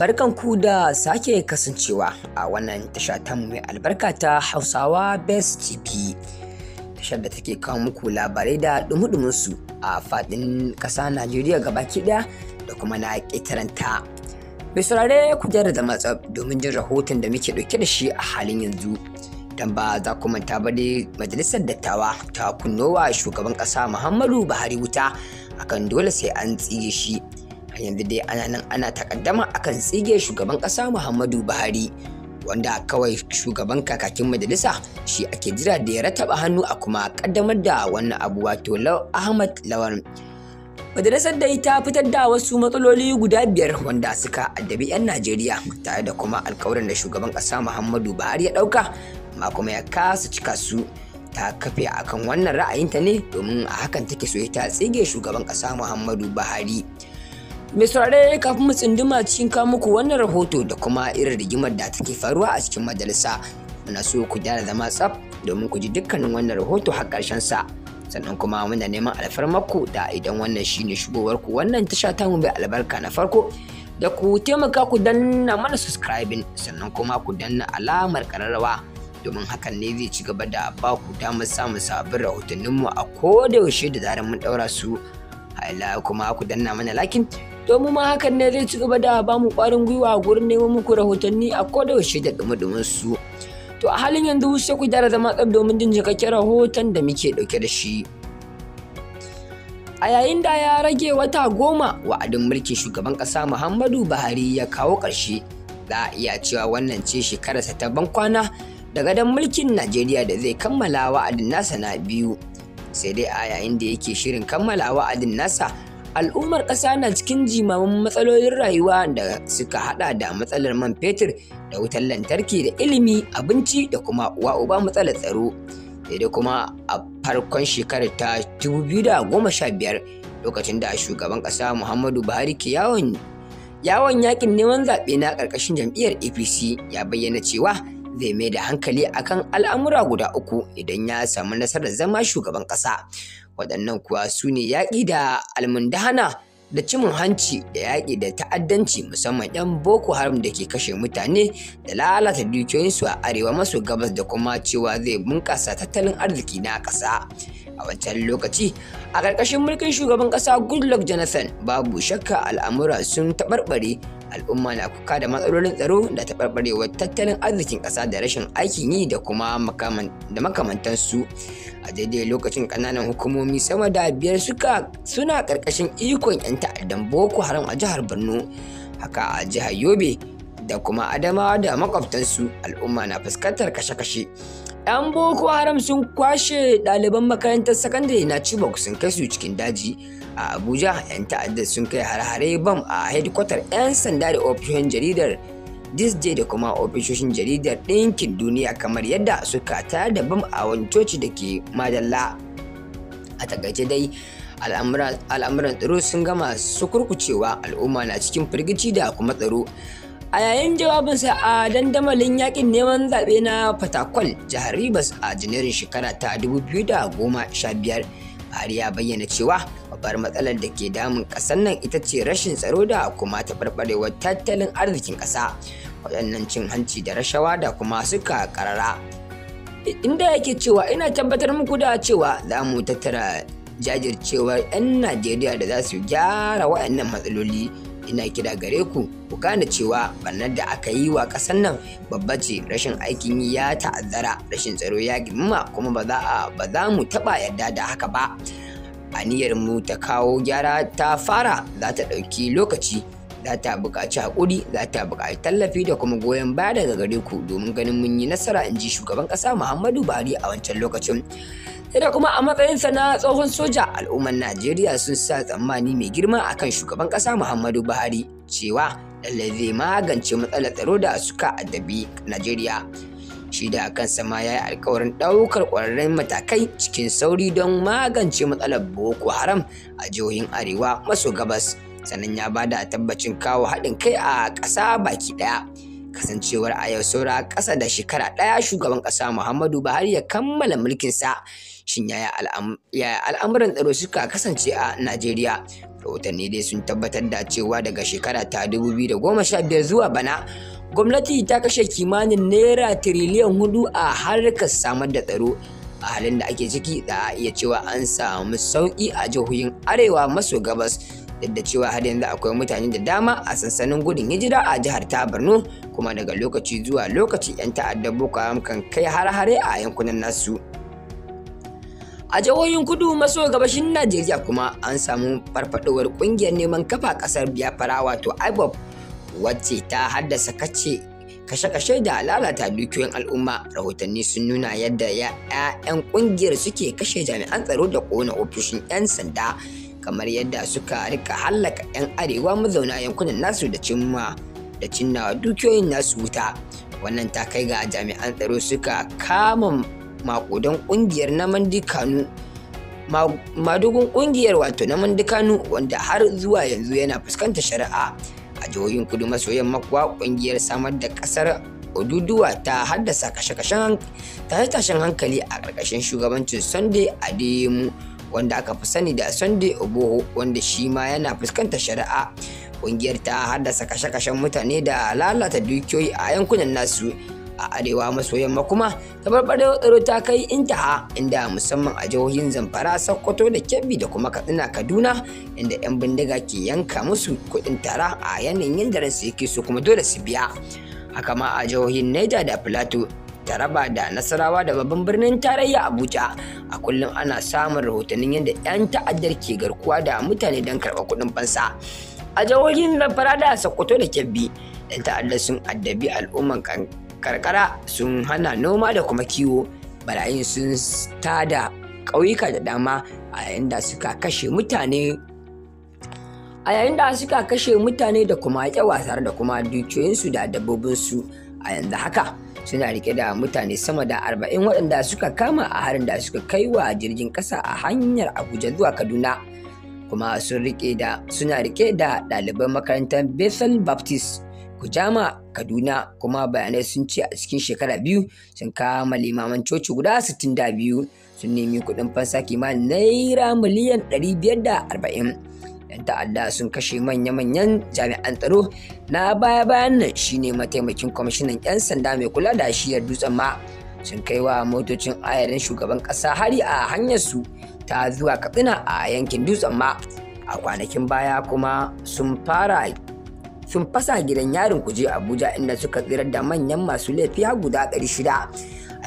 barkan ku da sake kasancewa a wannan tasha tamu mai albarka ta hausawa best tv tashar da take kawo muku labarai da dumudumunsu su a fadin kasa najeriya gabaki daya da kuma na ƙetaranta mai saurare ku gyara da matsab domin jin rahoton da muke ɗauke da shi a halin yanzu don ba za ku manta ba ne majalisar dattawa ta kunnowa shugaban ƙasa muhammadu buhari wuta akan dole sai an tsige shi yanzu dai ana nan ana takaddama akan tsige shugaban ƙasa muhammadu buhari wanda kawai shugaban kakakin majalisa shi ake jira da ya rataba hannu a kuma kaddamar da wannan abu wato ahmad lawan majalisar dai ta fitar da wasu matsaloli guda biyar wanda suka addabi 'yan najeriya tare da kuma alkawarin da shugaban ƙasa muhammadu buhari ya ɗauka amma kuma ya kasa cika su ta kafe akan wannan ra'ayinta ne domin a hakan take so ta tsige shugaban ƙasa muhammadu buhari Mai saurare kafin mu tsinduma cikin kawo muku wannan rahoto da kuma irin rigimar da take faruwa a cikin majalisa. Muna so ku gyara zama tsaf domin ku ji dukkanin wannan rahoto har ƙarshen sa. Sannan kuma muna neman alfarmarku da idan wannan shine shigowarku wannan tasha ta mu mai albarka na farko da ku taimaka ku danna mana subscribing sannan kuma ku danna alamar ƙararrawa domin hakan ne zai ci gaba da ba ku damar samun sabbin rahotanninmu a kodayaushe da zarar mun ɗaura su. Hala kuma ku danna mana lakin domin ma hakan ne zai ci gaba da ba mu ƙwarin gwiwa gurin neman muku rahotanni a yaushe da dumudumin su to a halin yanzu sai ku gyara zama tsab domin jin jikakken rahoton da muke dauke da shi a yayin da ya rage wata goma wa'adin mulkin shugaban ƙasa muhammadu buhari ya kawo ƙarshe za a iya cewa wannan ce shekararsa ta bankwana da gadon mulkin najeriya da zai kammala wa'adin nasa na biyu sai dai a yayin da yake shirin kammala wa'adin nasa al'ummar ƙasa na cikin jimamin matsalolin rayuwa da suka hada da matsalar man fetur da wutar lantarki da ilimi abinci da kuma uwa uba matsalar tsaro da kuma a farkon shekarar ta 2015 lokacin da shugaban ƙasa muhammadu buhari ke yawon yawon yakin neman zaɓe na ƙarƙashin jam'iyyar apc ya bayyana cewa zai mai da hankali akan al'amura guda uku idan ya samu nasarar zama shugaban ƙasa waɗannan kuwa su ne yaƙi da almundahana da cimin hanci da yaƙi da ta'addanci musamman 'yan boko haram da ke kashe mutane da lalata dukiyoyinsu a arewa maso gabas da kuma cewa zai bunƙasa tattalin arziki na ƙasa. a wancan lokaci a ƙarƙashin mulkin shugaban ƙasa goodluck jonathan babu shakka al'amura sun taɓarɓare al'umma na kuka da matsalolin tsaro da taɓarɓarewar tattalin arzikin ƙasa da rashin aikin yi da kuma da makamantansu a daidai lokacin ƙananan hukumomi sama da biyar suka suna ƙarƙashin ikon 'yan ta'addan boko haram a jihar borno haka a jihar yobe da kuma adamawa da makwabtansu al'umma na fuskantar kashe-kashe 'yan boko haram sun kwashe ɗaliban makarantar sakandare na chibok sun kai su cikin daji a abuja 'yan ta'addar sun kai har-hare bam a hedikwatar 'yan sanda da ofishin jaridar Day da kuma ofishoshin jaridar ɗinkin duniya kamar yadda suka tayar da bam a wani coci da ke madalla a takaice dai al'amuran tsaro sun gama su kurkucewa al'umma na cikin firgici da kuma tsaro a yayin jawabinsa a dandamalin yakin neman zaɓe na fatakwal jihar ribas a janairun shekara ta 2015 Bari ya bayyana cewa babbar matsalar da ke damun ƙasar nan ita ce rashin tsaro da kuma taɓarɓarewar tattalin arzikin ƙasa waɗannan cin hanci da rashawa da kuma suka ƙarara inda yake cewa ina tabbatar muku da cewa za mu tattara jajircewar 'yan najeriya da za su gyara waɗannan matsaloli ina kira gare ku ku gane cewa barnar da aka yi wa ƙasar nan babba ce rashin aikin yi ya ta'azzara rashin tsaro ya girma kuma ba za za mu taɓa yarda da haka ba aniyar mu ta kawo gyara ta fara za ta ɗauki lokaci za ta buƙaci haƙuri za ta buƙaci tallafi da kuma goyon baya daga gare ku domin ganin mun yi nasara in ji shugaban ƙasa muhammadu buhari a wancan lokacin sai da kuma a matsayinsa na tsohon soja al'ummar najeriya sun sa tsammani mai girma akan shugaban ƙasa muhammadu buhari cewa lallai zai magance matsalar tsaro da suka addabi najeriya shi da kansa ma ya yi alkawarin ɗaukar ƙwararren matakai cikin sauri don magance matsalar boko haram a jihohin arewa maso gabas sannan ya bada tabbacin kawo haɗin kai a ƙasa baki ɗaya kasancewar a yau saura ƙasa da shekara ɗaya shugaban ƙasa muhammadu buhari ya kammala mulkinsa shin yaya al'amuran tsaro suka kasance a najeriya rahotanni dai sun tabbatar da cewa daga shekara ta biyar zuwa bana gwamnati ta kashe kimanin naira tiriliyan hudu a harkar samar da tsaro a halin da ake ciki za a iya cewa an samu sauƙi a jihohin arewa maso gabas duk da cewa har yanzu akwai mutane da dama a sansanin gudun hijira a jihar ta borno kuma daga lokaci zuwa lokaci 'yan ta'addar boko haram kan kai har-hare a yankunan nasu a jihohin kudu maso gabashin najeriya kuma an samu farfadowar kungiyar neman kafa kasar biafra wato ibob wacce ta haddasa kace kashe-kashe da lalata dukiyoyin al'umma rahotanni sun nuna yadda 'ya'yan kungiyar suke kashe jami'an tsaro da kona ofishin 'yan sanda kamar yadda suka rika hallaka 'yan arewa mazauna yankunan nasu da cimma da cinnawa dukiyoyin nasu wuta wannan ta kai ga jami'an tsaro suka kama makudan kungiyar na mandikanu madugun kungiyar wato na mandikanu wanda har zuwa yanzu yana fuskantar shari'a a jihohin kudu maso yamma kuwa kungiyar samar da kasar Oduduwa ta haddasa kashe-kashen hankali a ƙarƙashin shugabancin Sunday Adeyemu wanda aka fi sani da Sunday Oboho wanda shi ma yana fuskantar shari'a. Ƙungiyar ta haddasa kashe-kashen mutane da lalata dukiyoyi a yankunan nasu a arewa maso yamma kuma tabarbarewar tsaro ta kai intaha inda musamman a jihohin zamfara sokoto da kebbi da kuma katsina kaduna inda 'yan bindiga ke yanka musu kuɗin tara a yanayin yadda su yake su kuma dole su biya haka ma a jihohin Niger da Plateau taraba da nasarawa da babban birnin tarayya abuja a kullum ana samun rahotannin yadda 'yan ta'addar ke garkuwa da mutane don karɓar kuɗin fansa a jihohin fara da sokoto da kebbi 'yan ta'addar sun addabi al'umman karkara sun hana noma da kuma kiwo barayin sun tada ƙauyuka da dama a yayin da suka kashe mutane a yayin da suka kashe mutane da kuma yawa tare da kuma dukiyoyinsu da dabbobinsu a yanzu haka suna rike da mutane sama da arba'in waɗanda suka kama a harin da suka kai wa jirgin ƙasa a hanyar abuja zuwa kaduna kuma suna rike da ɗaliban makarantar bethel baptist kujama kaduna kuma bayanai sun ce a cikin shekara biyu sun kama limaman coci guda biyu, sun nemi kuɗin fansa kimanin naira miliyan ɗari biyar da arba'in. 'yan ta'adda sun kashe manya-manyan jami'an tsaro na baya-bayan nan shine mataimakin kwamishinan 'yan sanda mai kula da shiyar dutsen ma sun kai wa motocin ayarin shugaban ƙasa hari a hanyar su ta zuwa katsina a yankin dutsen ma a kwanakin baya kuma sun fara sun fasa gidan yarin kuje abuja inda suka tsirar da manyan masu laifi guda 600 a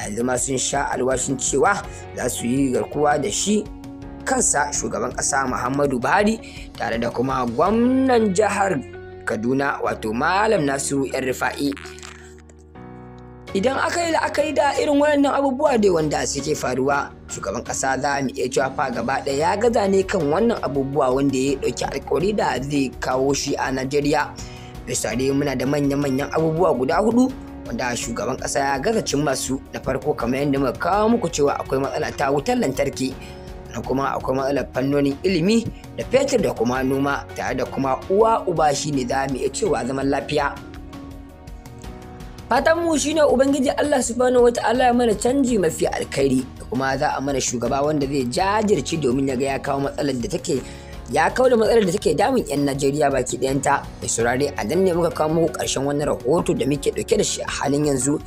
yanzu ma sun sha alwashin cewa za su yi garkuwa da shi kansa shugaban ƙasa muhammadu buhari tare da kuma gwamnan jihar kaduna wato malam nasiru yan rufa'i idan aka yi la'akari da irin waɗannan abubuwa dai wanda suke faruwa shugaban ƙasa za mu iya cewa fa gaba ɗaya ya gaza ne kan wannan abubuwa wanda ya ɗauki alkawari da zai kawo shi a najeriya misali muna da manya-manyan abubuwa guda hudu wanda shugaban ƙasa ya gaza cin masu da farko kamar yadda muka kawo muku cewa akwai matsala ta wutar lantarki da kuma akwai matsalar fannonin ilimi da fetur da kuma noma tare da kuma uwa uba ne za mu iya cewa zaman lafiya fatan mu shine ubangiji Allah subhanahu allah ya mana canji mafi alkhairi da kuma za a mana shugaba wanda zai jajirci domin ya ga ya kawo matsalar da take ya kawo da matsalar da take damun 'yan Najeriya baki ɗayanta da saurare a nan ne muka kawo muku karshen wani rahoto da muke ɗauke da shi a halin yanzu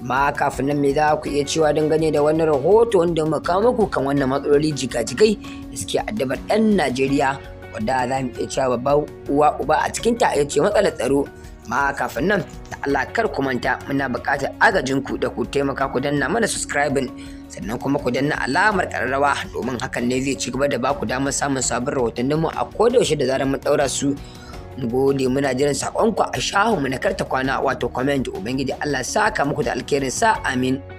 ma kafin nan me za ku iya cewa dangane da wani rahoto wanda muka muku kan wannan matsaloli jika-jikai da suke addabar 'yan najeriya wadda za mu iya cewa babba uwa uba a cikin ta ya ce matsalar tsaro ma kafin nan da Allah kar ku manta muna buƙatar agajin ku da ku taimaka ku danna mana subscribing sannan kuma ku danna alamar ƙararrawa domin hakan ne zai ci gaba da ba ku damar samun sabon mu a kodayaushe da zarar mun ɗaura su gode muna jiran sakonku a shahunmu na karta kwana wato comment ubangiji Allah saka muku da alkhairin sa amin